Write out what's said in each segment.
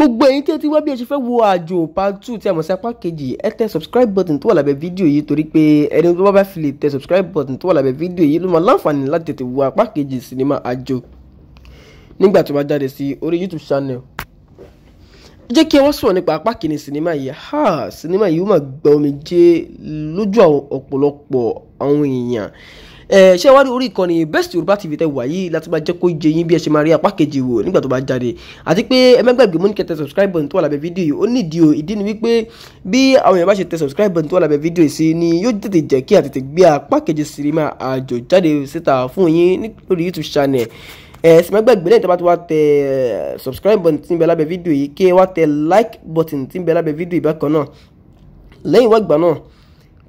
gbogbo ẹ̀yin tí ẹ ti wá bí ẹ ṣe fẹ́ wo àjò part two tí a sí apá kejì ẹ tẹ subscribe button tó wà lábẹ́ fídíò yìí torí pé ẹni tó bá bá fi lè tẹ subscribe button tó wà lábẹ́ fídíò yìí ló máa láǹfààní láti tètè wo apá kejì sinimá àjò nígbà tó bá jáde sí orí YouTube channel jẹ́ kí wọ́n sọ̀rọ̀ nípa apá kìíní sinimá yìí ha sinimá yìí ó mà gba omijé lójú ọ̀pọ̀lọpọ̀ àwọn èèyàn ṣé wàá rí orí ìkànnì Best Yorùbá TV tẹ wà yìí láti máa jẹ́ kó jẹ yín bí ẹ ṣe máa rí apá kejì wò nígbà tó bá jáde àti pé ẹ má mú ní kẹtẹ subscribe button tó wà lábẹ́ fídíò yìí ó nídìí o ìdí ni wípé bí àwọn èèyàn bá ṣe tẹ subscribe button tó wà lábẹ́ fídíò yìí sí ni yóò tètè jẹ́ kí àtètè gbé apá kejì sinimá àjò jáde síta fún yín lórí YouTube channel ẹ eh, sì má gbàgbé lẹ́yìn tí wọ́n bá ti wá eh, subscribe button tí ń bẹ lábẹ́ fídíò yìí kí ẹ wá tẹ like button tí ń bẹ lábẹ́ fídíò yìí bákan náà lẹ́yìn wá ìgbà náà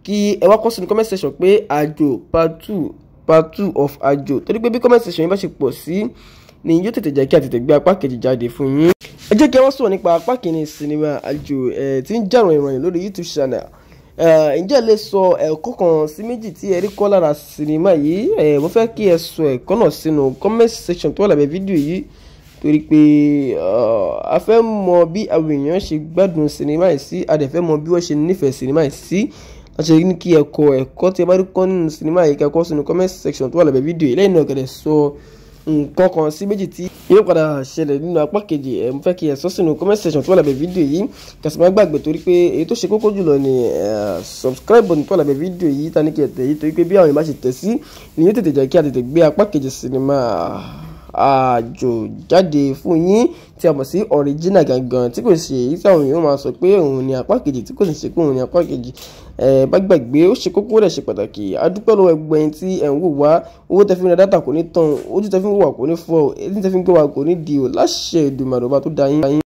kí ẹ wá kọ sínú comment section pé àjò part two part two of àjò torí pé bí comment section yìí bá ṣe pọ̀ sí ni yóò tètè jẹ́ kí a tètè gbé apá kejì jáde fún yín ẹ jẹ́ kí ẹ wá sọ̀rọ̀ nípa apá kìíní sinimá àjò ẹ̀ eh, tí ń jàrùn ìròyìn lórí youtube channel Eh, ǹjẹ́ lè sọ ẹ̀kọ́ kan sí méjì tí ẹ rí kọ́ lára sinimá yìí ẹ̀ eh, mo fẹ́ kí ẹ sọ ẹ̀kọ́ náà sínú comment section tó wà lábẹ́ fídíò yìí torí pé eh, a fẹ́ mọ bí àwọn èèyàn ṣe gbádùn sinimá yìí sí a dẹ̀ fẹ́ mọ bí wọ́n ṣe nífẹ̀ẹ́ sinimá yìí sí láti ní kí ẹ kọ ẹ̀kọ́ tí ẹ bá rí kọ́ nínú sinimá yìí kẹ́kọ́ sínú comment section tó wà lábẹ́ fídíò yìí lẹ́yìn náà kẹ́ nǹkan kan sí méjì tí yóò padà ṣẹlẹ̀ nínú apá kejì ẹ̀ mo fẹ́ kí ẹ sọ sínú comment section tó wà lábẹ́ fídíò yìí kàṣìmọ́ gbàgbé torí pé èyí tó ṣe kókó jùlọ ni subscribe button tó wà lábẹ́ fídíò yìí ta ní kí ẹ tẹ̀ yìí torí pé bí àwọn ìbá ṣe tẹ̀ sí ni yóò tètè jẹ́ kí a tètè gbé apá kejì sinimá àjò jáde fún yín tí a mọ̀ sí original gangan tí kò ṣe èyí táwọn èèyàn máa sọ pé òun ni apá kejì tí kò sì ṣe pé òun ni apá kejì ẹ bá gbàgbé ó ṣe kókó rẹ̀ ṣe pàtàkì adúpẹ́ lọ́wọ́ ẹgbẹ́ yẹn tí ẹ̀ ń wò wá owó tẹ́ fi ń ra dátà kò ní tán ojú tẹ́ fi ń wò wá kò ní fọ́ etí tẹ́ fi gbé wá kò ní di o láṣẹ Èdùmàrè ọba tó dá yín.